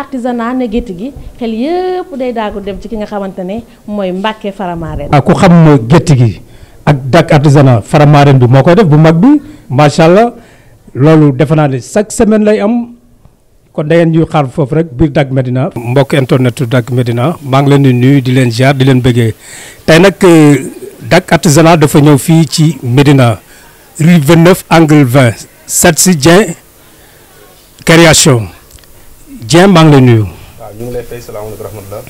artisanat ne gétt gi xel yëpp day daagu dem ci ki nga xamante ne mooy Mbàkke Faramaren ah ku xam gétt gi ak dak artisanat Faramaren bi moo koy def bu mag bi macha allah loolu defe naa ne chaque semaine lay am kon da ngeen ñuy xaar foofu rek biir Dak Médina mbokk internet Dak Médina maa ngi leen di nuyu di leen ziar di leen bëggee tey nag euh, Dak artisanat dafa ñëw fii ci Médina rue 29 angle 20 Sadji Dieng création Dieng maa ngi lay nuyu. waaw ñu ngi lay fay salaamaaleykum wa rahmatulah.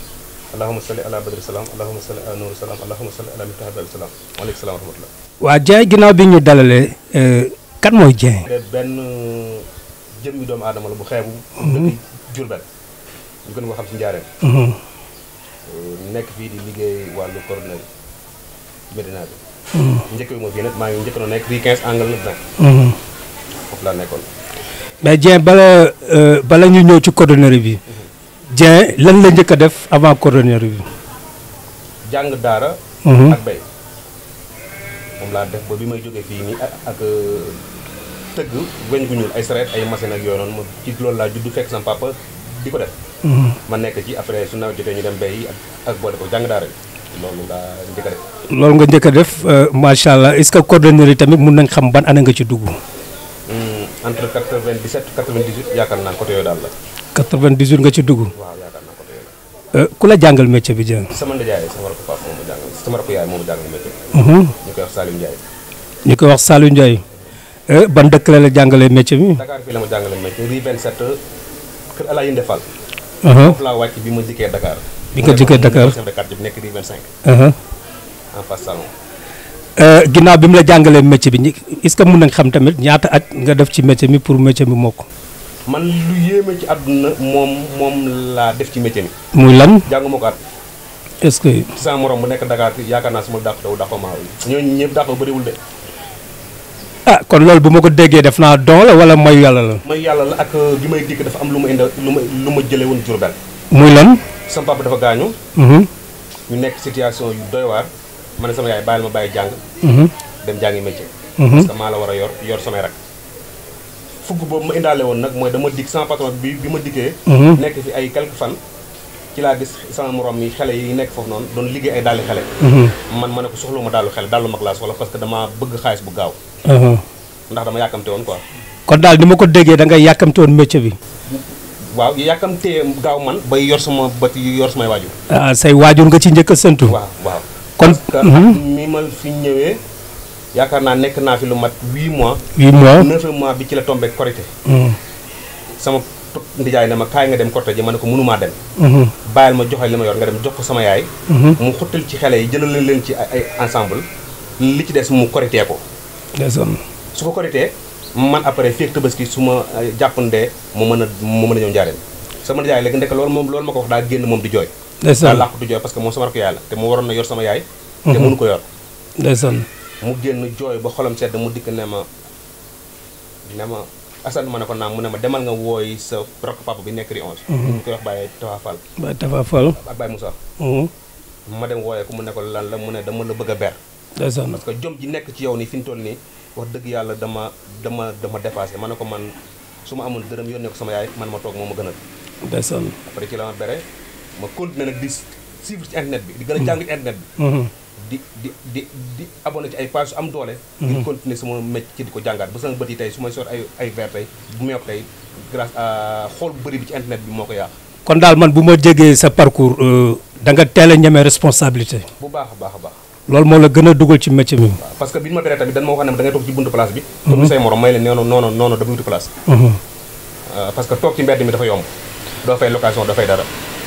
allahumma salli ala badri salaam allahumma salli ala nuuru salaam allahumma salli ala miftaah badri salaam waaleykum salaam wa rahmatulah. waa Dieng ginnaaw bi ñu dalalee euh, kan mooy Dieng. benn euh, jëmmi doomu aadama la bu xeebu. Mhm. dëkk Diourbel ñu gën ko xam ci njaareem. Mhm. Euh, nekk fii di liggéey wàllu cordonnerie Medina bi. Mhm. njëkk bi mooy fii nag maa ngi njëkk na nekk fii 15 angle la foofu laa nekkoon. mais Dieng bala euh, bala ñu ñëw ci coordonnateur bi Dieng lan la ñëk def avant coordonnateur bi. jang dara mhm. ak bay mom la def ba bi may joggé fi ni ak teug weñ gu ñul ay sareet ay machine ak yoonon mo ci lool la judd fek sama papa diko def. Mhm. ma nekk ci après su nawet jotee ñu dem bay ak bo def jang dara lool nga ñëk def. lool nga ñëk def euh, machallah est ce que coordonnateur tamit mun nañ xam ban ana nga ci dugg. entre 97 98 yaakaar naa côté yooyu daal la. 98 nga ci dugg. waaw yaakaar naa côté yooyu la. Euh, ku la jàngal métier bi jàng. sama nijaay sama rakk papa moom la jàngal sama rakk yaay moom la jàngal métier. Mhm. ñu koy wax Saliou Ndiaye. ñu koy wax Saliou Ndiaye. Euh, ban dëkk la la jàngalee métier bi. Dakar fii la ma jàngalee métier rue 27 kër Alaye Ndefal. Uh-huh. foofu laa wàcc bi ma dikkee Dakar. bi nga dikkee Dakar bi nga dikkee Dakar nekk rue 25. Uh-huh. en face salon. Euh, ginnaaw bi mu la jàngalee métier bi est-ce que mën nañ xam tamit ñaata at nga def ci métier mi pour métier mi mokk. man lu yéeme ci àdduna moom moom laa def ci métier mi. muy lan jànguma ko at. est-ce que. sama morom bu nekk Dakar yaakaar naa su ma dàq daw dàqamaa ñooñu ñëpp dàq bëriwul de. ah kon loolu bu ma ko déggee def naa don wala mayu yàlla la. mayu yàlla la ak bi euh, may dikk dafa am lu ma indi lu ma lu ma jëlee woon Diourbel. muy lan. sama papa dafa gaañu. Mhm. ñu nekk situation yu doy waar. ma ne sama yaay bàyyil ma bàyyi jàng. Mhm. dem jàngi métier. Mhm. parce que maa la war a yor yor samay woon nag mooy dama dig sama patron bi bi ma dikkee. Mhm. nekk fi ay quelques fan. ci laa gis sama morom nekk foofu noonu doon liggéey ay dàlli xale. man ma ne ko soxla ma dàllu xale dàllu mag laa soxla bu gaaw. ndax dama yàkkamte woon quoi. kon daal ni ma ko déggee da ngay yàkkamte woon métier bi. waaw yàkkamtee gaaw man bay yor sama bët yor samay waajur. ah say waajur nga ci njëkk a sëntu. waaw. kon mhm. mi ma fi ñëwee yaakaar naa nekk naa fi lu mat huit mois. huit mois neuf mois bi ci la tombé korité. Mhm. sama ndijaay na ma kaay nga dem korité ji ma ne ko mënumaa dem. Mhm. bàyyil ma joxe li ma yoon nga dem jox ko sama yaay. mu xottal ci xele yi jëlal leen ci ay ensemble li ci des mu korité ko. su ko korité man après fii ak su ma jàppandee mu mën a mu mën a ñëw njaareen sama ndijaay léegi ndekk loolu moom loolu ma ko wax daa génn moom di jooy. ndeysaan làqu du jooy parce que moom sama rakk yaay la te mu waroon na yor sama yaay te mhm. mënu ko yor ndeysaan mu génn jooy ba xolam sedd mu dikk ne ma ne ma Assane ma ne ko naam mu ne ma demal nga wooy sa rakk papa nekk ñu mhm. koy wax Baye Tafa Fall Baye Tafa Fall ak Baye mhm. ma dem wooyee ko mu ne lan la mu ne dama la bëgg a ber ndeysaan parce que jom ji nekk ci yow nii fi ñu toll nii wax dëgg yàlla dama dama dama dépassé ma ne ko man su ma amul dërëm yónnee ko sama yaay man ma toog moom ma gën a ndeysaan ci la ma bere ma continuer nak di suivre ci internet bi di gëna mm-hmm. jang ci internet bi mm-hmm. di di di di abonné ci ay page am doole ngir mm-hmm. continuer sama mecc ci diko jangat jàngaat ba sama bët tay suma sor ay ay verre tay bu meuk tay grâce à xol bëri bi ci internet bi moko ko kon dal man bu ma jégee sa parcours euh, da nga télé ñëmé responsabilité bu baax baax baax lol mo la gëna duggal ci métier bi parce que bi ma teree tamit dañ mo waxoon ne da ngay tok ci buntu place bi comme say morom may leen noonu noonu noonu da buntu place euh, parce que tok ci mbedd mi dafa yomb do fay location doo fay dara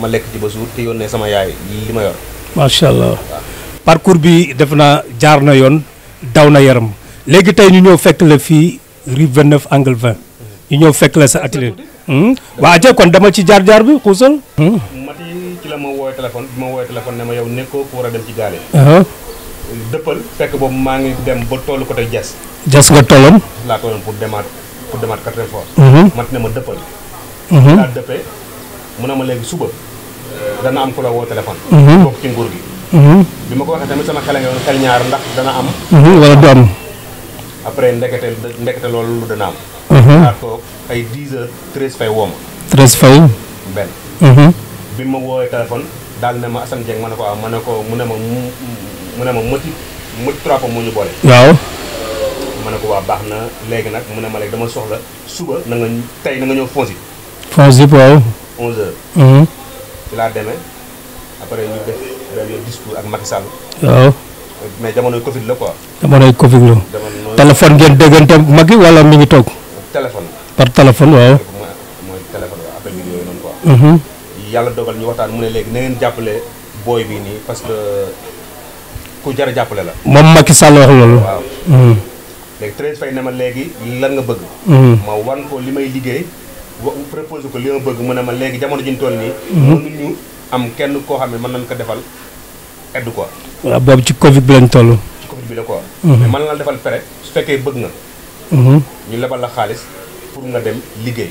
ma lekk ci ba suur te yónnee sama yaay li ma yor. macha allah parcours bi def na jaar na yoon daw na yaram léegi tey ñu ñëw fekk la fii rue 29 angle 20 ñu ñëw fekk la sa atelier. Hmm? waa aja kon dama ci jaar jaar bi xuusal. Hmm? mati ci la ma woowee téléphone bi ma woowee téléphone ne ma yow nekkoo ku war a maa ngi dem ba tollu côté Diass. Diass nga tolloon. laa tolloon pour demaat pour demaat quatrième fois. Mhm. mat ne ma dëppal. Mhm. laa dëppee ma léegi suba. dana am ku la woo téléphone. bokk mhm. ci nguur gi. Mhm. bi ma ko waxee tamit sama xel nga xel ñaar ndax dana am. Mhm, wala du am. après ndekete ndekete loolu dana am. xaar ko bi ma woowee téléphone daal ne ma Assane Dieng ma ne ko ah ma ne ko mu ne ma mu ne ma mëti mëti trois moo ñu boole. waaw. ma ne ko waa baax na léegi nag mu ne ma léegi dama soxla suba na nga tey na nga ñëw Fonsi. Fonsi waaw. 11 heures. ci laa demee après ñu def benn discours ak Macky Sall. waaw. mais jamonoy Covid la quoi. jamonoy Covid la. téléphone ngeen déggante Macky wala mi ngi toog. téléphone. par téléphone waaw. Mhm. yàlla dogal ñu waxtaan mu ne léegi na ngeen jàppale booy bi nii parce que ku jar a jàppale la. moom Macky Sall wax loolu. waaw. Mhm. léegi Thérèse lan nga bëgg. Mhm. ma wan ko li may liggéey. wa proposé ko li ma bëgg mu ne ma léegi jamono ji ñu toll nii. Mhm. mënuñu am kenn koo xam ne mën nañu ko defal eddu quoi. waaw boobu ci Covid bi lañ toll. ci Covid bi la quoi. Mhm. mais mën fere su fekkee bëgg nga. Mhm. ñu lebal la xaalis pour nga dem liggéey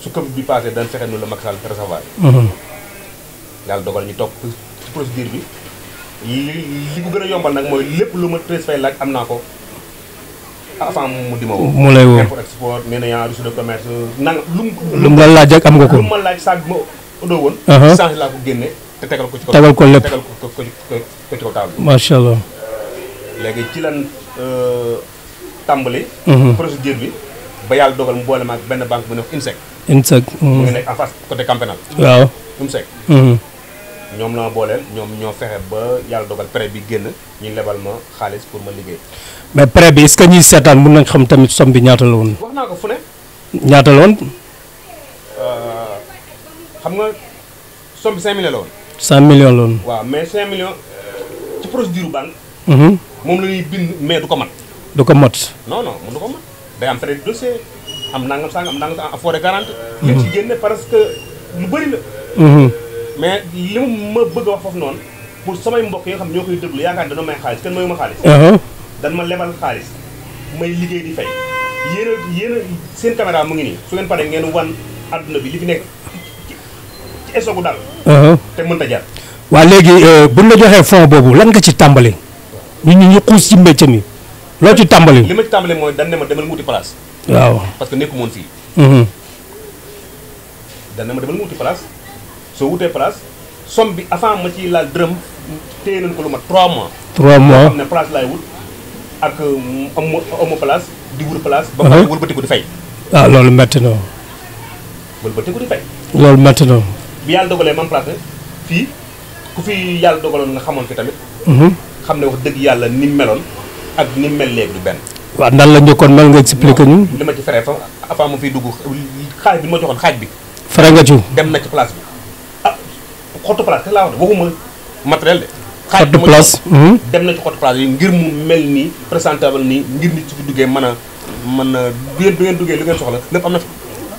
su Covid bi passé dañ fexe nu la Macky Sall recevoir. yàlla dogal ñu topp ci procédure bi li li ko gën a yombal nag mooy lépp lu ma treize fay am naa ko. mu ma woo. mu lay woo export nee na yaa reçu de commerce nanga lu mu. lu mu la laaj ak am nga ko. lu mu uh-huh. ko génne te tegal ko ci kaw. tegal ko lépp tegal allah. léegi ci lan euh, tàmbali. Uh-huh. ba yàlla dogal mu boole ma ak benn banque bu nekk INSEC. INSEC. Uh-huh. mu waaw ñoom la ma booleel ñoom ñoo fexe ba yàlla dogal prêt bi génn ñu lebal ma xaalis pour ma liggéey. mais prêt bi est que ñuy seetaan mun nañ xam tamit somme bi ñaata la woon. wax naa ko fu ne. ñaata la woon. Euh, xam nga somme bi 5 millions la woon. 5 millions la woon. mais 5 millions ci procédure banque. Mhm. moom la ñuy bind mais du ko mat. du ko mat. non non du ko mat day am prêt dossier am nangam sangam am nangam sangam am forêt garante. Mhm. nga ci génne parce que mais li ma bëgg a wax foofu noonu pour samay mbokk yoo nga xam ñoo koy déglu yaakaar dana may xaalis kenn mayu ma xaalis uh-huh. dan ma lebal xaalis may liggéey di fay yéen a seen caméra mu ngi nii su ngeen paree ngeen wan adduna bi li fi nekk ci esogu daal uh-huh. te mën ta jar waaw léegi euh, buñ la joxee fond boobu lan nga ci tàmbali ñu ñu ñu xuus ci mbécc mi loo ci tàmbali li ma ci tàmbali mooy dan ne ma demal wuti place waaw parce que nekku moon fii mm-hmm. dan ma demal wuti soo wutee place somme bi avant ma ciy laal dërëm te nañ ko lu ma 3 mois. 3 mois xam ne place laay wut ak amu euh, amu place di wut place. ba pare uh-huh. wëlbatiku di fay. ah loolu métti na. wëlbatiku loolu métti na. bi yàlla dogalee man place fii ku fi yàlla dogaloon nga xamoon fi tamit. Uh-huh. xam ne wax dëgg yàlla ni meloon ak ni mel léegi du benn. waaw nan la njëkkoon mel nga expliqué ñu. ma ci feree fa avant ma fiy dugg xaaj bi ma joxoon xaaj bi. fere nga ci. dem na ci place bi. xottu place te laa wax waxuma matériel de. xottu place hmm? dem na ci xottu place yi ngir mu mel nii présentable nii ngir nit ci duggee man a mën a du ngeen du ngeen duggee lu ngeen soxla lépp am na fi.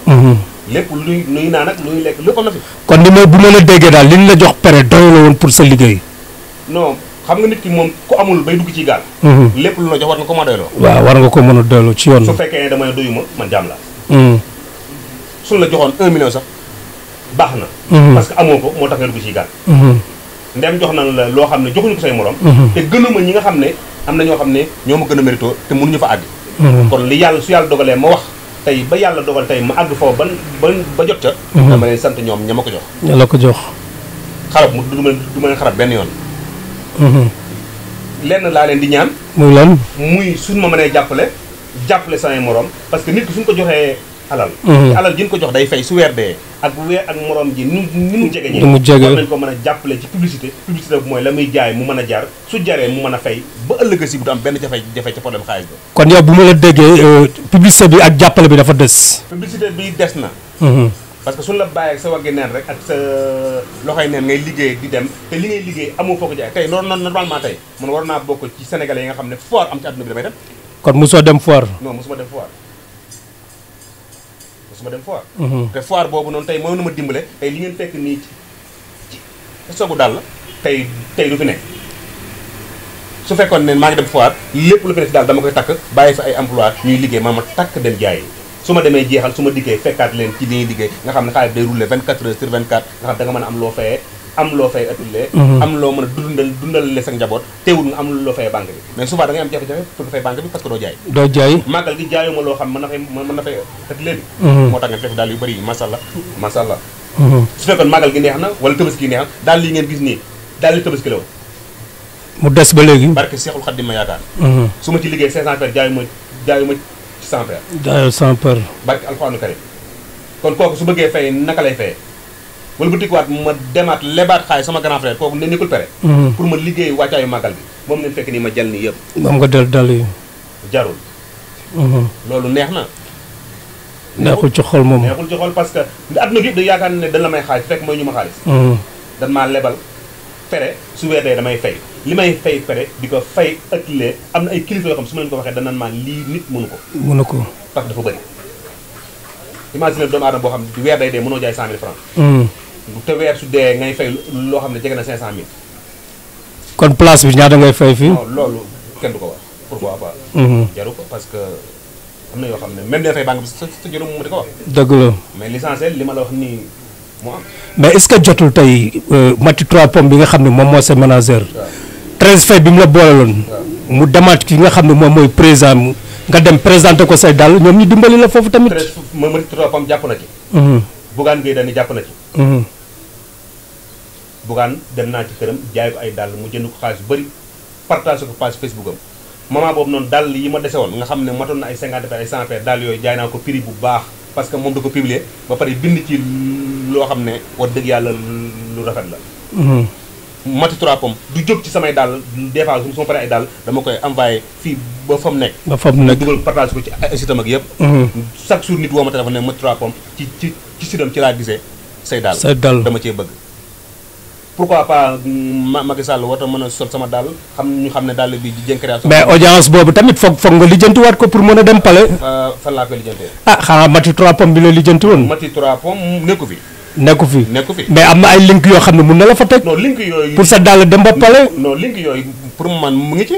Hmm. lépp luy nuy naan ak luy lekk lépp am kon li ma bu ma la déggee daal li ñu la jox pere doy woon pour sa liggéey. non xam nga nit ki moom ku amul bay dugg ci gaal. Hmm. lépp lu la jox war nga ko mën a doyloo. waaw war nga ko mën a doyloo ci yoon. su fekkee ne damay doyuma man jaam laa. suñu la joxoon un million sax. baax na. Mhm. parce que amoo ko moo tax nga dugg ci gàtt. Mhm. ndem jox nañ loo xam ne joxuñu ko say morom. Mhm. te gënuma ñi nga xam ne am na ñoo xam ne ñoo ma gën a mérito te mënuñu fa àgg. kon li yàlla su yàlla dogalee ma wax. tey ba yàlla dogal tey ma àgg foofu ba jot ca. dama leen sant ñoom ña ko jox. ña la ko jox. xarab mu du ma du ma leen xarab benn yoon. lenn laa leen di ñaan. muy lan muy suñ ma mënee jàppale jàppale samay morom parce que nit ki suñ ko joxee. alal ci mhm. alal gi ko jox day fay su weer dee ak weer ak morom ji ni ni mu jege ñee mu jege nañ ko mën a ci publicité publicité bu mooy jaay mu mën a jaar su jaree mu mën a fay ba ëllëg si bu am benn jafe jafe ci problème xaalis ba kon yow bu ma la déggee euh, publicité bi ak jàppale bi dafa des publicité bi des na mhm. parce que suñ la bàyyi ak sa waggi neen rek ak sa loxoy neen ngay liggéey di dem te li ngay liggéey amoo foo jaay tey loolu normalement tey man war naa ci sénégalais yi nga xam ne am ci àdduna bi dem kon mosoo dem foire non mosuma dem foire ma dem foire. te foire boobu noonu tey mën na ma dimbale tey li ngeen fekk nii ci ci daal la tey tey du fi nekk su fekkoon ne maa ngi dem foire lépp lu fi nekk si daal dama koy takk bàyyi fa ay emploi ñuy liggéey ma ma takk dem jaayi. su ma demee jeexal su ma dikkee fekkaat leen ci li liggéey nga xam ne xaalis day rouler 24 heures sur 24 nga xam da nga a am loo fayee am loo fay atullee mhm. am loo mën a dundal dundal le sa njaboot teewul nga am loo fay banque bi mais suba da ngay am jafe-jafe pour nga fay banque bi parce que doo jaay doo jaay màggal gi jaayuma loo xam mën na fay mën na fay atullee bi mhm. moo tax nga mhm. gi neex na wala tabaski neex na daal lii ngeen gis nii daal li tabaski la woon mu des ba léegi barke Seexul Xaadim ma yaakaar su ma ci liggéey 500 paires jaayuma jaayuma ci 100 paires jaayoo 100 paires barke alxuraanu karim kon kooku su bëggee fay naka lay fayee wala bu tikkuwaat ma demaat lebaat xaalis sama grand frère kooku ne nekkul pere mm-hmm. pour ma liggéey wàccaayu màggal bi moom lañ fekk nii ma jël nii yëpp moom nga del dal yi jarul mm-hmm. loolu neex na neexul ci xol moom neexul ci xol parce que adduna bi da yaakaar ne dañ may xaalis fekk mooy ñu ma xaalis mm-hmm. dan maa lebal fere su weer dee damay fay li may fay fere di ko fay ëtlee am na ay kilifa yoo xam su ma leen ko waxee danaan maa lii nit mënu ko mënu ko parce boo xam weer day dee mënoo jaay cent mille te weer su dee ngay fay loo xam ne jege na 500000. kon place bi ñaata ngay fay fii. non loolu kenn du ko wax pourquoi pas. Mhm. jaru ko parce que am na yoo xam ne même day fay banque bi sa sa jëru mu di wax. dëgg la mais l'essentiel li ma la wax nii moo am. mais est ce que jotul tey euh, mati 3 pomme bi nga xam ne moom moo sa manager. waaw 13 fay bi mu la booleloon. mu demaat ki nga xam ne moom mooy président nga dem présenté ko say dal ñoom ñu dimbali la foofu tamit. 13 ma mati 3 pomme jàpp na ci. Mhm. bugaan ngay dañu jàpp na ci. Mhm. bugaan dem naa ci këram jaay ko ay dàll mu jënd ko xaalis bëri partagé ko page Facebook am moment noonu dàll yi ma dese woon nga xam ne matoon na ay 50 paires ay 100 paires yooyu jaay naa ko prix bu baax parce que moom da ko publier ba pare bind ci loo xam ne wax dëgg yàlla lu rafet la mhm. mati trois pommes du jóg ci samay dàll des fois su ma paree ay dàll dama koy envoyé fii ba fa mu nekk. ba fa nekk dugal partage ko ci ay sitam ak yëpp. Mhm. chaque jour nit woo ma ne mati trois pommes ci ci ci sidam dama cee bëgg. pourquoi pas Macky Sall wata mëna sol sama dal xam ñu xam dal bi di jën création mais audience boobu tamit foog foog nga lijjanti waat ko pour mën dem palais ah xanaa mati 3 pom bi la mati 3 pom nekku fi nekku fi fi mais ay link yo xam ne la fa non link yooyu pour sa dal dem ba palais non link yooyu pour man mu ngi ci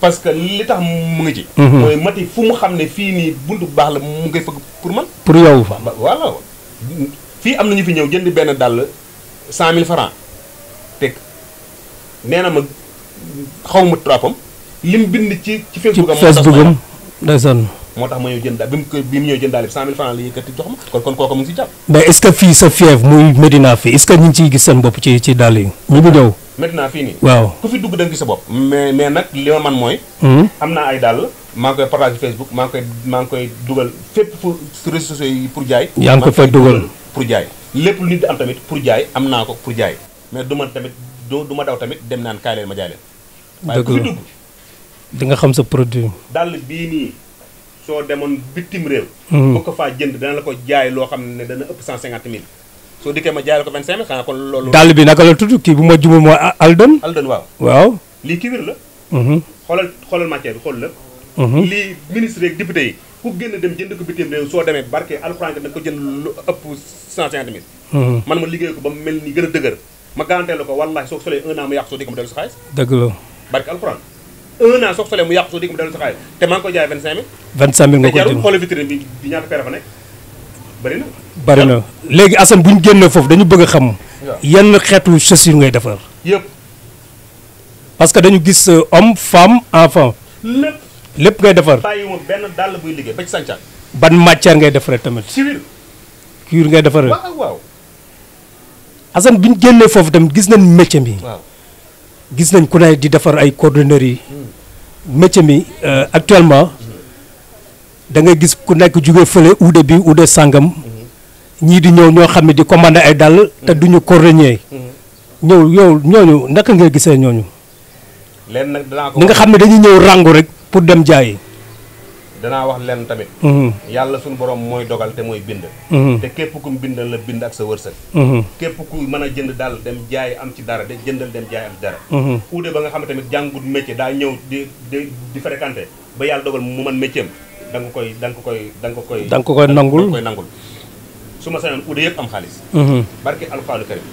parce que li tax mu ngi ci mhm. mati fu mu xam ne fii buntu baax la mu ngay fëgg pour man pour yow voilà fi jënd dal 100 francs teg nee na ma xaw ma li lim bind ci ci Facebook am. Facebook am ndeysaan moo tax ma ñëw jënd daal bi mu ñëw jënd daal cent mille francs la yëkkati jox ma kon kon si jàpp. mais est que fii sa fief muy Medina fii est que ñu ngi gis seen bopp ci ci dàll yi ñu ngi ñëw. Medina fii nii. waaw ku fi dugg da nga gis sa bopp. mais mais nag li ma man mooy. Hmm? am naa ay dàll. maa ngi koy partage Facebook maa ngi koy maa ngi koy dugal fépp pour réseaux sociaux yi pour jaay. yaa ngi ko fay pour jaay lépp lu tamit pour jaay am naa ko pour jaay. mais duma tamit duma daw tamit dem nan kaay ma jale leen. waaye di nga xam sa produit. dal bi ni so demone bitim rew hmm. bu ko faa jënd dana la ko jaay lo xamne dana ëpp 150000 so diké ma jaay ko 25000 xana kon lolu dal bi naka la tuddu ki bu ma jumul mooy Aldon. Aldon waaw waaw. li ki wir la. hmm xolal xolal matière bi xool la. Mhm. li ministre ak député yi ku génn dem jënd ko bitim rew so démé barké alcorane da nga ko jënd lu ëpp 150 000. Mhm. man ma liggéey ko ba melni gëna ni dëgër. ma garanté ko wallaahi soo ko solee un an mu yàqu soo dégg mu dellu sa xaalis. dëgg la. barke alxuraan un an soo sa xaalis te maa ngi koy jaay 25000. 25000 nga bari na. léegi Assane bu ñu génnee foofu dañu bëgg a xam. yenn xeetu chaussure ngay defar. yëpp. parce que dañu gis euh, homme femme enfant. lépp lépp ngay defar. bàyyiwuma benn dàll buy liggéey ba ci ban matière ngay defaree tamit. cuir. cuir ngay defaree. waaw waaw. Assane bi ñu génnee foofu tamit gis nañ métier mi. gis nañ ku ne di defar ay coordonneurs yi. métier mi euh, actuellement dangay gis ku nekk jóge fële uude bi uude sàngam ñii di ñëw ñoo xam ne di commandé ay dàll. te duñu coordonné. ñëw yow ñooñu naka ngay gisee ñooñu. leen nag danaa ko ni nga xam ne dañuy ñëw ràngu rek pour dem jaay danaa wax lenn tamit mhm. yàlla suñu borom mooy dogal te mooy bind mhm. te képp kum bindal la bind ak sa wërsëg mhm. képp ku man a jënd daal dem jaay am ci dara de jëndal dem jaay am ci dara uude ba nga xam ne tamit jàngut métier daa ñëw di di di ba yàlla dogal mu mën métier am da nga koy da nga koy da nga koy da ko koy nangul koy nangul su ma sañoon uude yëpp am xaalis barke alxuraanu karim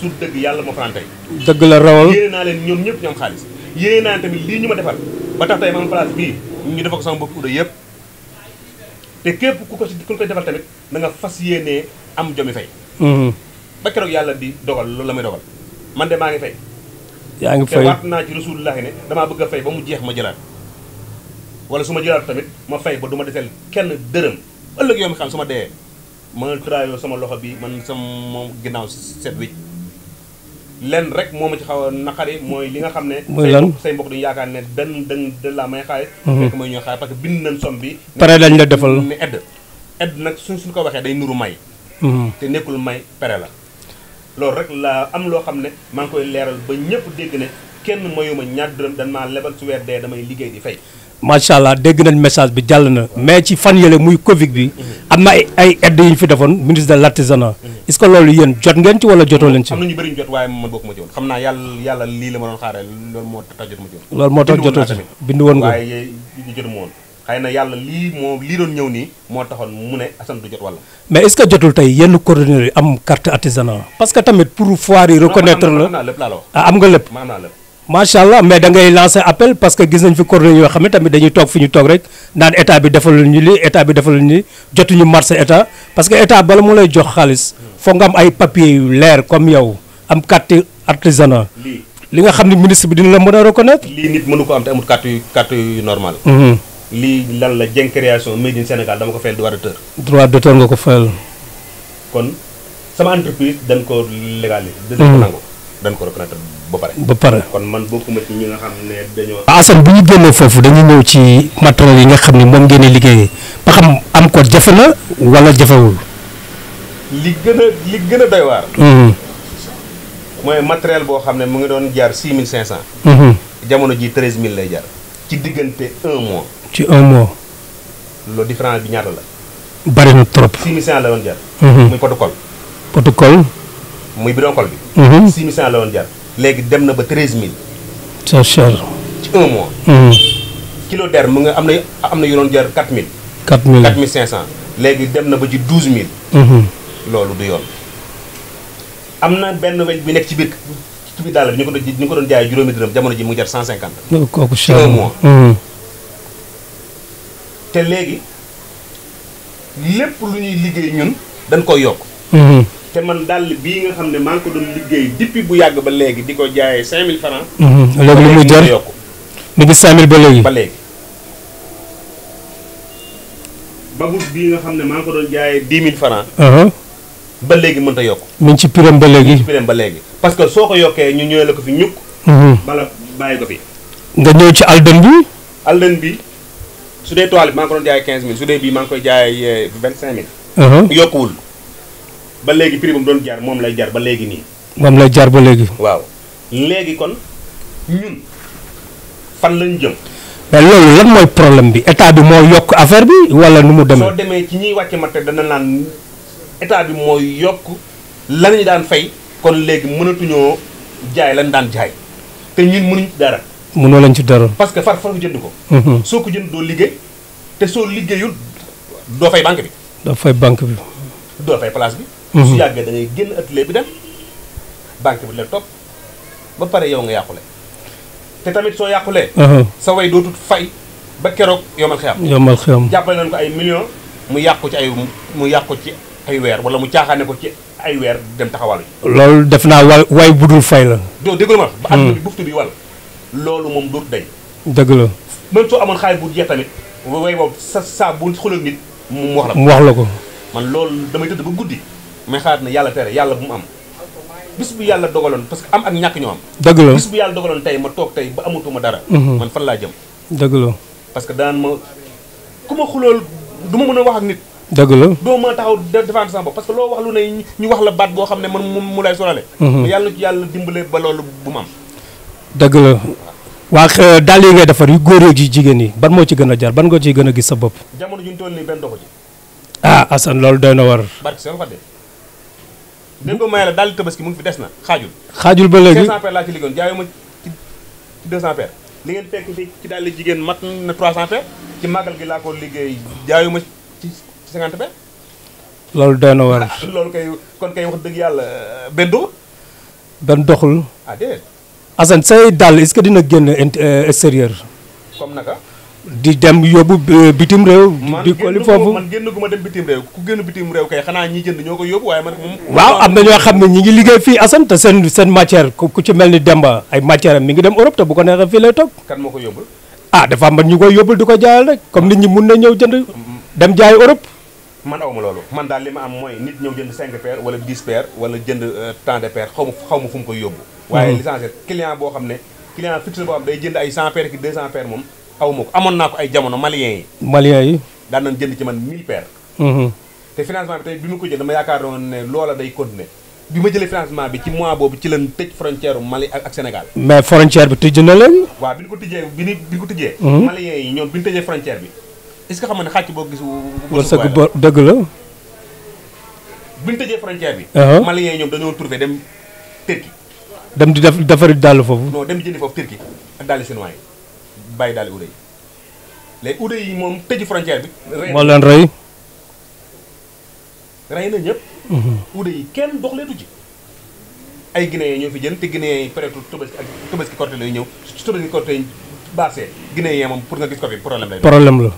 su dëgg yàlla ma farante dëgg la rawal yéene naa leen ñoom ñëpp ñu xaalis yéene tamit lii ñu ma defal ba tax tey ma place bii ñu defal ko sama mbokk Fuuta yëpp te képp ku ko si ku defal tamit na nga fas yéenee am jomi fay. Mm-hmm. ba keroog yàlla di dogal loolu la may dogal man de maa ngi fay. yaa ngi fay te naa ci rasulullahi ne damaa bëgg a fay ba mu jeex ma jëlaat wala su jëlaat tamit ma fay ba du ma kenn dërëm ëllëg xam sama loxo bi man sama moom ginnaaw set wicc lenn rek moo ma ci xaw a naqari mooy li nga xam ne. muy lan say mbokk duñu yaakaar ne dan dan dan laa may xaalis. Mhm. fekk may ñëw xaalis parce que ñu nañ somme bi. pare lañ la defal ni edd edd nag su suñ ko waxee day nuru may. Mhm. te nekkul may pere la. loolu rek la am loo xam ne maa ngi koy leeral ba ñëpp dégg ne kenn mayuma ñaar dërëm dan maa lebal su weer dee damay liggéey di fay. macha allah dégg nañ message bi jàll na mais ci fan yële muy Covid bi am na ay ay aides fi defoon ministre de l' artisanat est ce loolu yéen jot ngeen ci wala jotoo leen ci. am na ñu bëri ñu jot waaye man lii la ma doon xaaree loolu moo tax jot ma ci woon. loolu bind woon nga waaye jotuma woon na yàlla lii moo lii doon ñëw nii moo taxoon mu ne Assane jot wala. mais est ce que jotul tey yenn coordonnateurs yi am carte artisanat parce que tamit pour foire yi reconnaître la ah, am nga lépp am nga lépp macha allah mais da ngay lancer appel parce que gis nañ fi coordonnées yoo xam ne tamit dañuy toog fi ñu toog rek naan état bi defal ñu li état bi defal ñu li jotuñu marché état parce que état bala mu lay jox xaalis foog nga am ay papiers yu leer comme yow am carte artisanat li nga xam ne ministre bi dina la mën a reconnaître. lii nit mënu ko am te amul carte yu carte yu normal. Mhm. lii lan la Dieng création made Sénégal dama ko fayal droit d'auteur. droit d'auteur nga ko fayal. kon sama dañ ko légaliser. Mhm. dañ ko nangu ba pare kon man bokkuma ci ñi nga xam asan ah, bu ñu génnee foofu dañu ñëw ci matériel yi nga xam ne moom ngeen ba xam am ko jafe na wala jafewul li gëna li gëna doy war hmm moy matériel bo xamne mu ngi doon jaar 6500 hmm jamono ji 13000 lay jaar ci digënté 1 mois ci 1 mois lo différence bi ñaata la bari na trop 6500 la doon jaar hmm. muy protocole protocole muy doon col bi hmm 6500 la doon jaar léegi dem na ba treize mille. c'est cher. ci un mois. Hmm. kilo der mu nga am na am na yu doon jar quatre mille. quatre mille quatre cinq cent léegi dem na ba ci douze mille. Hmm. loolu du yoon. am na benn weñ bi nekk ci biir ci biir daal bi ñu ko doon ñu ko doon jaayee juróomi dërëm jamono ji mu ngi jar cent cinquante. Hmm. kooku cher un mois. te léegi lépp lu ñuy liggéey ñun dañ koy yokk. te man dàll bii nga xam ne maa ngi ko doon liggéey depuis bu yàgg ba léegi di ko jaayee 5000 francs mhm. léegi lu muy jar yokku depuis ba léegi ba léegi babut bii nga xam ne maa ngi ko doon jaayee 10 mille francs uh-huh. ba léegi mënut a yokk mu ngi ci piram ba léegi ci ba léegi parce que soo ko yokkee ñu ñëwee la ko fi ñukk mhm. bala bàyyi ko fi nga ñëw ci alden bi alden bi su dee toile bi maa ngi ko doon jaayee 15000 su dee bii maa ngi koy jaayee 25000 uh-huh. yokkuwul ba léegi prix bu doon jaar moom lay jaar ba léegi nii. moom lay jaar ba léegi. waaw léegi kon ñun fan lañ jëm. mais loolu lan mooy problème bi état bi moo yokk affaire bi wala nu mu demee. soo demee ci ñuy ñiy ma te dana naan état bi mooy yokk la ñu daan fay kon léegi mënatuñoo jaay lañ daan jaay te ñun mënuñ ci dara. mënoo lañ ci dara. parce que far far ko jënd ko. Mm-hmm. soo ko jënd doo liggéey te soo liggéeyul doo fay banque bi. doo fay banque bi. doo fay place bi. Mhm. su yàggee da ngay génn atelier bi dem banque bi leen topp ba pare yow nga yàqule te tamit soo yàqulee mhm. sa way dootul fay ba keroog yomal xiyam yomal xiyam jàppale nañ ko ay million mu yàqu ci ay mu yàqu ci ay weer wala mu caaxaane ko ci ay weer dem taxawal yi loolu def naa wal way bu budul fay la doo déglu ma ba àdduna bi mhm. buftu loolu moom dootu dañ dëgg la même soo amoon xaalis bu jeex tamit way boobu sa saa bu xuloog nit mu wax la mu wax la ko man loolu damay tëdd ba guddi mais xalaat na yàlla tere yàlla bu mu am bis bu yàlla dogaloon parce que am ak ñàkk ñoo am dëgg la bis bu yàlla dogaloon tey ma toog tey ba amatuma dara mhm. man fan laa jëm dëgg la parce que daan ma ku ma xulool du ma a wax ak dëgg la doo ma taxaw défendre sama bopp parce que loo wax lu ñu wax la baat boo xam ne man mu lay solale mhm. yàlla yàlla dimbale ba loolu bu mu am dëgg la daal yi ngay defar yu góor yi yu jigéen yi ban moo ci gën a jar ban nga ciy gën a gis sa bopp jamono ju ñu toll nii benn doxu ci ah Assane loolu doy na war dañ ko maye la daal di tabaski mu ngi fi des na xaajul. xaajul ba léegi 500 paires laa ci liggéeyoon jaayuma ci li ngeen fekk fi ci daal di jigéen mat na 300 paires ci màggal gi laa ko liggéey jaayuma ci 50 paires. loolu doy na war ah, loolu kay kon kay wax dëgg yàlla euh, benn doxul. benn doxul. ah déedéet. Assane say dàll est-ce que dina génn euh, extérieur. comme naka. di dem yóbbu euh, bitim réew. di ko li foofu man génn gu ma dem bitim réew ku génn bitim réew kay xanaa ñi jënd ñoo ko yóbbu waaye man. waaw am na ñoo xam ne ñi ngi liggéey fii Assane te seen seen matière ku ci mel ni Demba ay matière am mi ngi dem Europe te bu ko neexee fii lay toog. ko yóbbul. ah dafa am ñu koy yóbbul di ko jaayal rek comme nit ñi mun na ñëw jënd. dem jaay Europe. man awma loolu man daal li ma am mooy nit ñëw jënd 5 paires wala 10 paires wala jënd euh, tant de paires xaw ma xaw ma mu koy yóbbu. Hmm. waaye licencié client boo xam ne client fixe boo ay 100 paires ki moom aw ma ko amoon naa ko ay jamono malien yi. maliens yi. daan nañ jënd ci man 1000 paires. Mm-hmm. te financement bi tey bi mu ko jël dama yaakaaroon ne loola day continuer bi ma jëlee financement bi ci mois boobu ci lañ tëj frontière Mali ak Sénégal. mais frontière bi tëj na leen. waaw bi ñu ko tijjee bi ñu ko tijjee. Mm-hmm. maliens yi ñoom bi ñu tëjee frontière bi est-ce que xam ne xàcc boo gis. wërsëg bo dëgg la. bi ñu tëjee frontière bi. Uh-huh. maliens yi ñoom dañoo trouvé dem Turquie. dem di def defari dàll foofu. non dem di jëndi foofu Turquie ak yi. bàyyi dal urai, le urai yi moom tëj frontière bi. moo leen rey. rey na ñëpp. Mhm. ude kenn dox leen ci. ay Guinéen ñoo fi jën te Guinéen yi peut-être Tabaski ak Tabaski Korité lay ñëw su Tabaski Korité baasee Guinéen moom pour nga gis ko fi problème lay problème la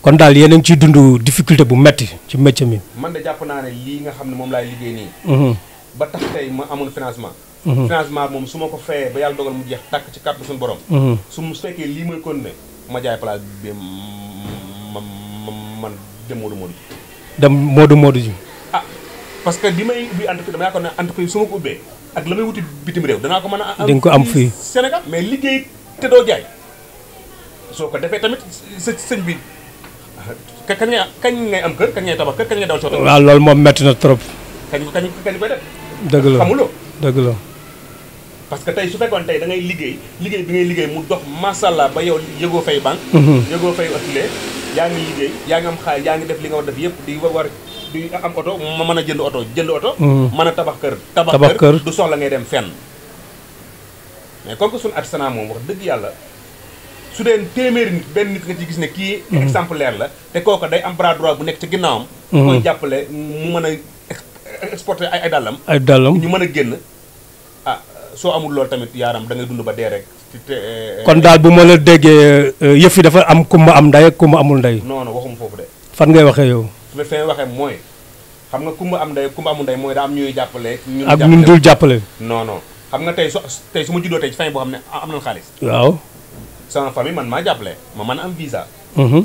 kon daal yéen a ngi difficulté bu metti ci métier mi. man nga liggéey mhm. ba tax ma amul financement. Mhm. financement moom su ma ko fayee ba yàlla dogal mu jeex tàkk ci kàddu suñu borom. Mhm. su mu fekkee lii mooy kon ne ma jaay place bi ma man dem Modou Modou ji. dem Modou Modou ji. ah parce que bi may ubbi entreprise dama yaakaar ne entreprise su ma ko ubbee ak la may wuti bitim réew danaa ko mën a. di nga ko am fii Sénégal mais liggéey te doo jaay soo ko defee tamit sa sëñ bi kañ ngay kañ ngay am kër kañ ngay tabax kër kañ ngay daw soo. waaw loolu moom métti na trop. kañ kañ kañ koy def. dëgg la xamuloo dëgg la. parce que tey su fekkoon tey da ngay liggéey liggéey bi ngay liggéey mu dox masalla ba yow yëgoo fay banque mhm. yëgoo fay atelier yaa ngi liggéey yaa ngi am xaal yaa ngi def li nga war def yëpp di war di am oto ma mën a jënd oto jënd oto mhm. mën a tabax kër tabax kër du soxla ngay dem fenn mais comme que sun artisanat moom wax dëgg yàlla su dee téeméeri nit benn nit nga ci gis ne kii mhm. exemplaire la te kooka day am bras droit bu nekk ci ginnaawam koy jàppale mu mën a exporter ay ay dàllam ay dàllam ñu mën a génn soo amul loolu tamit yaaram da ngay dund ba dee rek. Eh, kon daal bu ma la déggee eh, yëf yi dafa am kumba am ndey ak kumba amul ndey. non waxuma foofu de. fan waxee yow. su fi waxee mooy xam nga kumba am ndey kumba amul ndey mooy daa am ñuy jàppale. ñun ak ñun dul jàppale. non non xam nga tey su tey su ma juddoo tey ci boo xam ne am nañu xaalis. waaw. sama famille man maa jàppale ma mën a am visa. Mhm.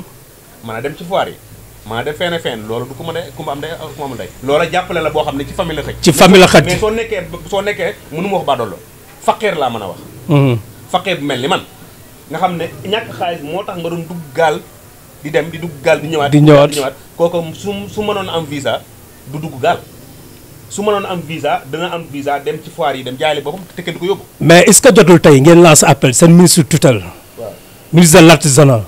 mën a dem ci foire yi. maa de feene feen loolu du ku ma de ku am de ku ma jàppale la boo xam ne ci famille la xëj ci famille la xëj mais soo nekkee soo nekkee mënu wax baa dolloo faqeer laa mën a wax mm-hmm. faqeer bu mel ni man nga xam ne ñàkk xaalis moo tax nga doon dugg gaal di dem di dugg gaal di ñëwaat di ñëwaat di ñëwaat su su manoon am visa du dugg gaal su mënoon am visa dana am visa dem ci foire yi dem jaay la boppam te kenn ko yóbbu mais est-ce que jotul tey ngeen lance appel seen ministre tutelle ministre de l'artisanat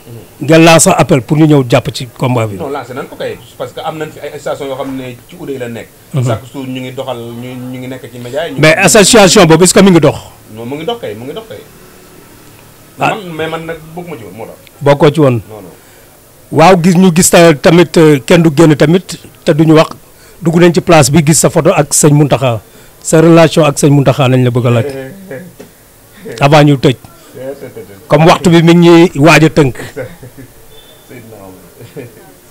laa lancer appel pour ñu ñëw jàpp ci combat bi. non lancer nañ ko kay parce que am nañ yoo xam ne ci ude la mhm. ngi doxal ñu ñu ngi nekk ci mais association boobu est ngi dox. non mu ngi dox kay mu ngi dox kay. Ah. man mais man nag bokkuma ci woon moo tax. bokkoo ci woon. waaw gis ñu gis tamit euh, kenn du génn tamit te duñu wax dugg nañ ci place bi gis sa photo ak sëñ Mountakha sa relation ak sëñ muntaxa nañ la bëgg a laaj avant ñu tëj. comme waxtu bi mi ngi ñuy waaj a tënk.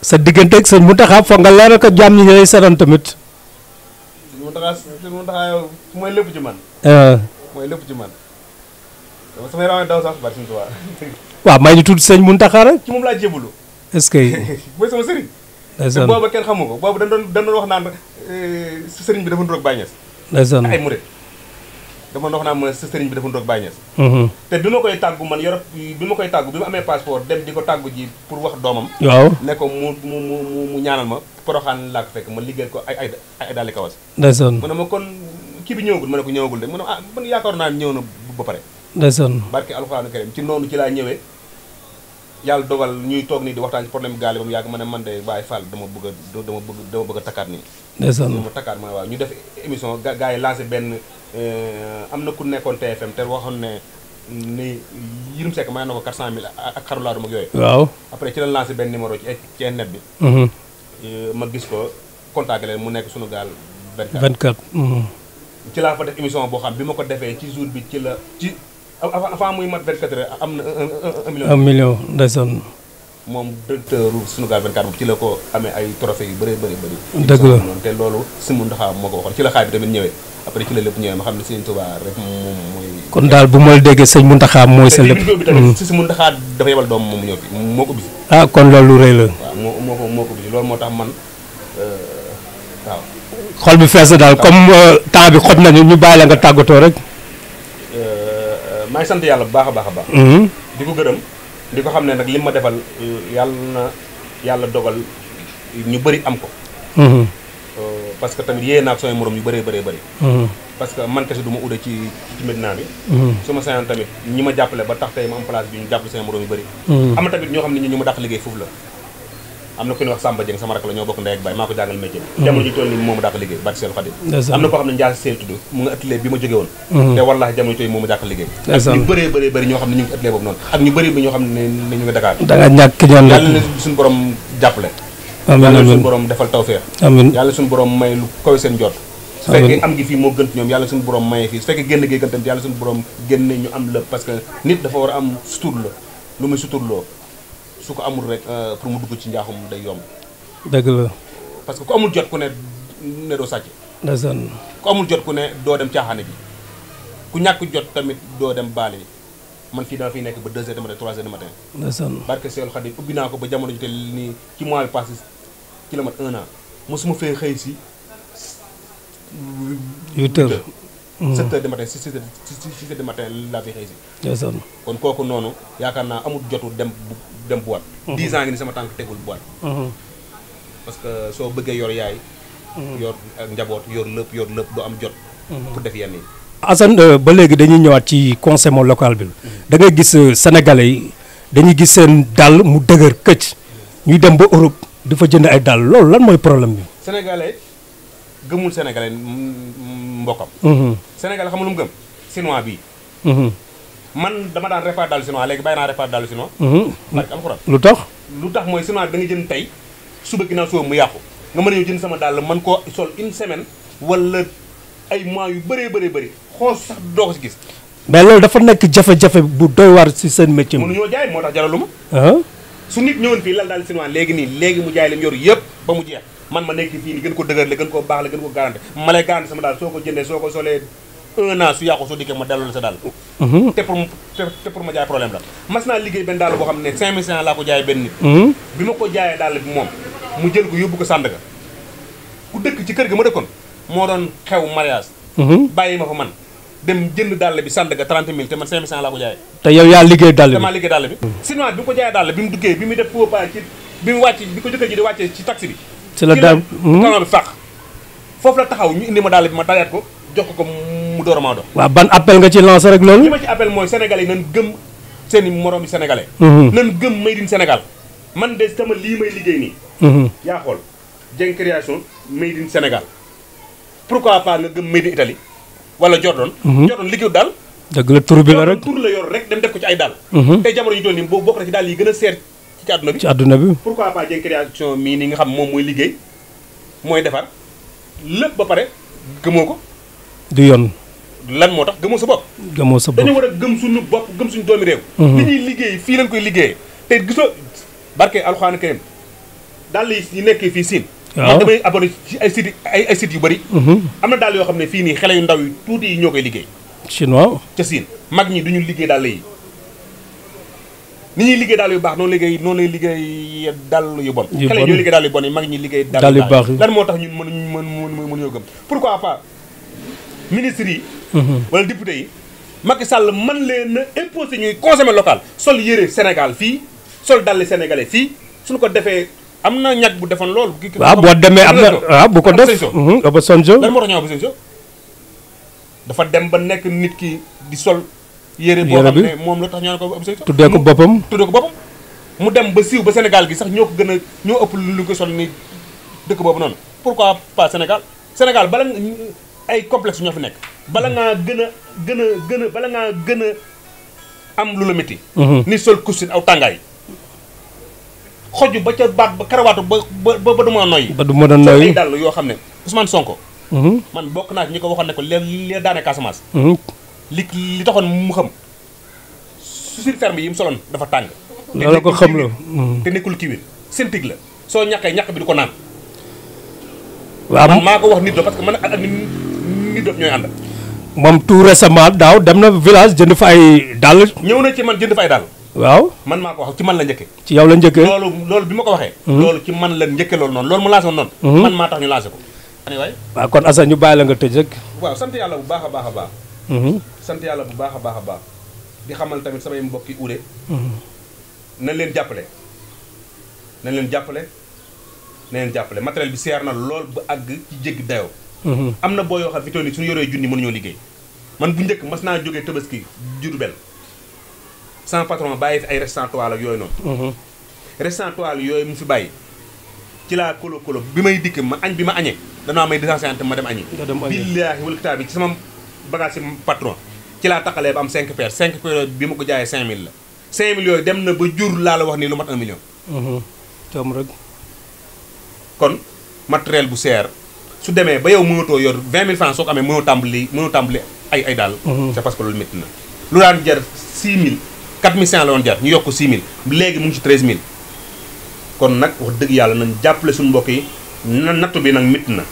sa diggante ak sëñ taxa foog nga leeral ko jàmm ñi ñu lay seetaan tamit. sëñ Mountakha sëñ Mountakha yow mooy lépp ci man. Ah. mooy lépp ci man. dama samay rawatina daw sax bari suñu tubaab. waaw maa ngi tudd sëñ Mountakha rek. ci moom laa jébalu. est-ce que. mooy sama sëriñ. kenn xamu ko boobu dañ doon dañ doon wax naan eh, sëriñ bi dafa ndur ak bàyyi ñes. ndeysaan dama wax naa ma sa bi dafa ndoog Baye Niass mhm. te bi ma koy tàggu man yorob bi ma koy tàggu bi ma amee passeport dem di ko tàggu ji pour wax doomam waaw ne ko mu mu mu mu ñaanal ma poroxaan laa ko fekk ma liggéey ko ay ay ay daali kawas ndeysaan mu ne ma kon kii bi ñëwagul ma ne ko ñëwagul de mu ne ah man yaakaar naa ñëw na ba pare ndeysaan barke alxuraanu karim ci noonu ci laa ñëwee yàlla dogal ñuy toog nii di waxtaan ci problème gaale ba mu ma ne man de Baye Fall dama bëgg a dama bëgg dama bëgg a takkaat nii. ndeysaan ma takkaat ma waaw ñu def émission gars yi lancé benn euh, am na ku nekkoon TFM te waxoon ne ni Yirim Seck may na ko 400000 ak xarulaadum ak yooyu. waaw après ci la lancé benn numéro ci ci internet bi. Mm-hmm. Euh, ma gis ko contact leen mu nekk sunu gaal. 24 24. Mm-hmm. ci laa fa def émission boo xam bi ma ko defee ci jour bi ci la ci. avant muy mat am na un million. un million ndeysaan. moom directeur Sunugal boobu ci la ko amee ay trophée yu bëree bëri bëri. dëgg la te loolu Simon Ndaxa moo ko waxoon ci la xaay bi tamit ñëwee après ci la lépp ñëwee ma xam ne Serigne Touba kon daal bu ma la déggee mun Mountakha mooy sa lépp. bi tamit mm. si Simon Ndaxa dafa yebal doom moom ñëw fi moo ko bisi. ah kon loolu lu rëy la. waaw moo moo moo ko bisi loolu moo tax man euh, xol bi fees na daal comme euh, temps bi xoj nañu ñu bàyyi la nga tàggatoo rek. maa ngi sant yàlla bu baax a baax a baax. Mhm. di ko gërëm di ko xam ne nag li ma defal yàlla na yàlla dogal ñu bëri am ko. Mhm. Euh, parce que tamit yéen ak samay morom yu bëree bëree bëri. Mhm. parce que man kese du ma ude ci ci Medina bi. su ma sañoon tamit ñi ma jàppale ba tax tey ma am place bi ñu jàppale samay morom yu bëri. am na tamit ñoo xam ne ñu ma dàq liggéey foofu la. amna ko ku ñu wax Samba jeng sama rek la ñoo bokk ndey ak baay maa ko jàngal métier hmm. jamono ji toll nii moom dàq liggéey bàcc seen xadim am na koo xam ne mu nga atelier bima ma won woon hmm. te wallaahi jamono ji moom a dàq liggéey ak ñu bëree bëree bëri ñoo xamne ñu ngi atelier bob non ak ñu bëri bi ñoo xamne ne ñu nga Dakar da nga ñak ñaan la yalla suñu borom jàppale amin amin suñu borom defal tawfiq amin yalla suñu borom may lu kawe seen jot su am gi fi mo gën ñom yalla suñu borom may fi su fekkee génn gi gën tamit yàlla suñu borom génne ñu am le parce que nit dafa wara am sutur la lu muy suturloo su ko amul rek euh, pour mu dugg ci njaaxum day yomb. dëgg la. parce que ku amul jot ku ne ne doo sàcc. ndeysaan. ku amul jot ku ne doo dem caaxaane bi ku ñàkk jot tamit doo dem baale man fii dama fiy nekk ba 2 heures du matin 3 heures du matin. ndeysaan. barke Seydou Khadim ubbi naa ko ba jamono ji te nii ci mois bi passé ci la mat un an mosuma fee xëy si. 8 heures 7 mm. heures du matin 6 heures 6 heures du matin laa fi xëy si. ndeysaan. kon kooku noonu yaakaar naa amul jotu dem dem boîte. 10 ans ngi ni sama tank tegul boîte. Mhm. parce que so bëggee yor yaay. Mhm. yor ak njaboot yor lepp yor lepp do am jot. Mhm. pour def yenn asan euh, ba légui dañuy ñëwaat ci consommation local bi da ngay gis euh, sénégalais dañuy gis sen dal mu dëgër këcc ñuy dem ba Europe di fa jënd ay dal lool lan moy problème bi. sénégalais gëmul sénégalais mbokam hmm sénégalais xamul lu mu gëm chinois bii. man dama daan réparé daal chinois léegi bàyyi naa réparé daal chinois. Mhm. barke alxuraan lu tax. lu tax mooy chinois da nga jënd tey suba ginnaaw soo mu yàqu nga mën a ñëw jënd sama dàll man koo sol une semaine wala ay mois yu bëree bëri bëri xool sax doo ko si gis. mais loolu dafa nekk jafe-jafe bu doy waar si seen métier. ñoo jaay moo tax jaraluma. su nit ñëwoon fii lal daal chinois léegi nii léegi mu jaay lim yor yëpp ba mu jeex man ma nekk fii nii gën ko dëgër la gën koo baax la gën ko garanti ma lay garanti sama daal soo ko jëndee soo ko solee un an su yàqu soo dikkee ma delloo la sa daal. Mhm. te pour ma jaay problème la. mas naa liggéey benn daal boo xam ne a laa ko jaay benn nit. Mhm. ma ko jaayee moom ku dëkk ci kër ga ma dëkkoon moo doon xew mariage. Mhm. ma fa man dem jënd daal bi Sandaga man 5000 laa ko jaayee. te yow yaa liggéey daal bi te maa liggéey daal bi. sinon ma ko jaayee daal bi mu duggee bi mu def faux pas ci bi mu wàcc bi ko jëkkër ji di wàccee ci taxi bi. ci la daal bi foofu la taxaw ñu indi ma daal bi ma dayaat ko jox ko mu door maa dox. waaw ban appel nga ci lancé rek loolu. li ma ci appel mooy sénégalais nan gëm seen i moromi sénégalais. Mhm. nan gëm made in man de sama lii may liggéey nii. Mhm. yaa xool Dieng création made in Sénégal pourquoi pas nga gëm made in Italie Jordan. Mhm. Jordan liggéeyut daal. dëgg la tur bi la rek la yor rek dem def ko ci ay daal. te jamono yu toll nii boo bokk na ci daal yi gën a seer ci àdduna bi. ci àdduna bi pourquoi pas Dieng création mii ni nga xam moom mooy liggéey mooy defar lépp ba pare gëmoo ko. du lan moo tax gëmoo sa bopp. gëmoo sa war a gëm suñu bopp gëm suñu doomi réew. Mhm. li ñuy liggéey fii lañ koy liggéey te gisoo barke alxuraan karim dàll yi nekkee fii siin. waaw damay abonné ci ay sites yu bari mhm. am na dàll yoo xam ne fii nii xele yu ndaw yi tuuti yi ñoo koy liggéey. chinois ca siin mag ñi duñu liggéey dàll yi. ni ñuy liggéey daal yu baax noonu liggéey noonu lay liggéey dàll yu bon xale ñoo liggéey daal yu bon yi mag ñi liggéey daal yu baax lan moo tax ñun mënuñ mën mën mënuñoo gëm pourquoi pas ministre yi Mm-hmm. wala député yi Macky Sall man leen imposé ñuy consommer local sol yéré Sénégal fi sol dàll sénégalais fi suñu ko défé amna ñak bu défon lool wa ah, bo démé amna wa ah, bu ko def ba sonjo mm-hmm, lan mo ñaw ñu sonjo dafa dem ba nek nit ki di sol. yéré bo xamné mom la tax ñaan ko am sey tuddee ko bopam tuddee ko bopam mu dem ba siw ba Sénégal gi sax ñoko gëna gën ñoo ëpp lu ko sol ni dëkk boobu non pourquoi pas Sénégal Sénégal bala ay complexe ñoo fi nekk bala ngaa gën a gën a gën a bala ngaa gën a am lu la métti mhm. ni sol cousine aw tàngaay xoj ba ca baat ba karawaatu ba ba ba du ma noyyi ba du ma doon noyyi ay dàll yoo xam ne Ousmane Sonko mhm. man bokk naa ci ko waxoon ne leen leen daane Casamance mhm. li li taxoon mu xam yi mu soloon dafa tàng loolu ko la soo ñàkkee ñàkk bi du ko naan waaw maa ko wax nit la parce que man ak ak nit dof ñooy ànd. moom tout récemment daaw dem na village jënd fa ay dàll. ñëw na ci man jënd fa ay daal waaw man maa ko wax ci man la njëkkee. ci yow la njëkkee loolu loolu bi ma ko waxee. Mhm. loolu ci man la njëkkee loolu noonu loolu mu lancé woon noonu. Mhm. man maa tax ñu lancé ko. waaw kon Assane ñu bàyyi la nga tëj rek. waaw sant yàlla bu baax a baax a baax. Mhm. sant yàlla bu baax a baax a baax di xamal tamit samay mbokki uure. na leen jàppale. nañ leen jàppale nañ jàppale matériel bi seer na lool ba àgg ci jéggi dayoo. Mm-hmm. am na boo yoo xam fi toll suñu yoree junni mënuñoo liggéey man bu njëkk mas naa jógee tabaski Jurbel sans patron bàyyi fi ay restaurant toile ak yooyu noonu mm-hmm. restaurant toile yooyu mu fi bàyyi ci laa kolo kolo bi may dikk ma añ bi ma añee danaa may 250 ma dem añi billaahi wal kitaab bi ci sama bagage si patron ci laa taqalee ba am 5 paires 5 paires bi ma ko jaayee 5000 la 5000 yooyu dem na ba jur laa la wax nii lu mat 1 million. Mm-hmm. tam kon matériel bu seer su démé ba yow mënatoo yor 20000 francs soo amé mëno tambli mëno tambli ay ay dal mhm. c'est parce que loolu metti na lu daan jar 6000 4500 la won jar ñu yokk 6000 légui mu ngi ci 13000 kon nak wax deug yalla nañ jappalé suñu mbokk yi na nattu bi nak metti na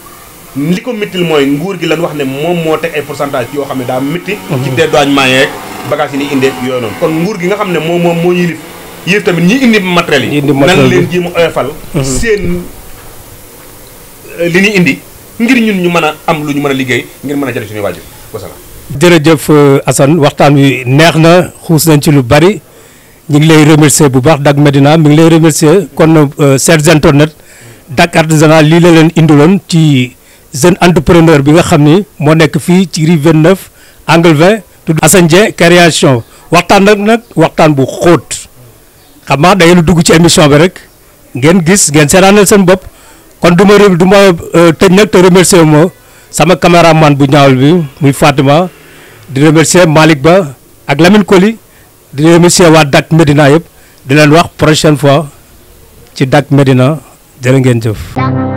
liko metti moy nguur gi lan wax né mom mo tek ay pourcentage yoo xam ne daa métti mhm. ci doñ mayé bagage yi ni indee yoy non kon nguur gi nga xamné mom mom mo ñuy lif yëf tamit ñi indi matériel yi nan leen jimu oyfal oyofal mhm. seen euh, li ñuy indi ngir ñun ñu mën a am lu ñu mën a liggéey ngir mën a jëriñ suñu waajur wasalaam. jërëjëf euh, Assane waxtaan wi neex na xuus nañ ci lu bari ñu ngi lay remercier bu baax Dak Médina mi ngi lay remercier kon euh, chers internautes Dak Artisanat lii la leen indiloon ci jeune entrepreneur bi nga xam ni moo nekk fii ci rue 29 angle 20 tudd Assane Dieng création waxtaan nag nag waxtaan bu xóot xam nga day lu dugg ci émission bi rek ngeen gis ngeen seetaanal seen bopp. kon du ma du euh, tëj nag te remercier ma sama caméraman bu ñaawul bi muy Fatima di remercier Malick Ba ak Lamine Koli di remercier waa Dak Médina yëpp di leen wax prochaine fois ci Dak Médina jërë ngeen jëf.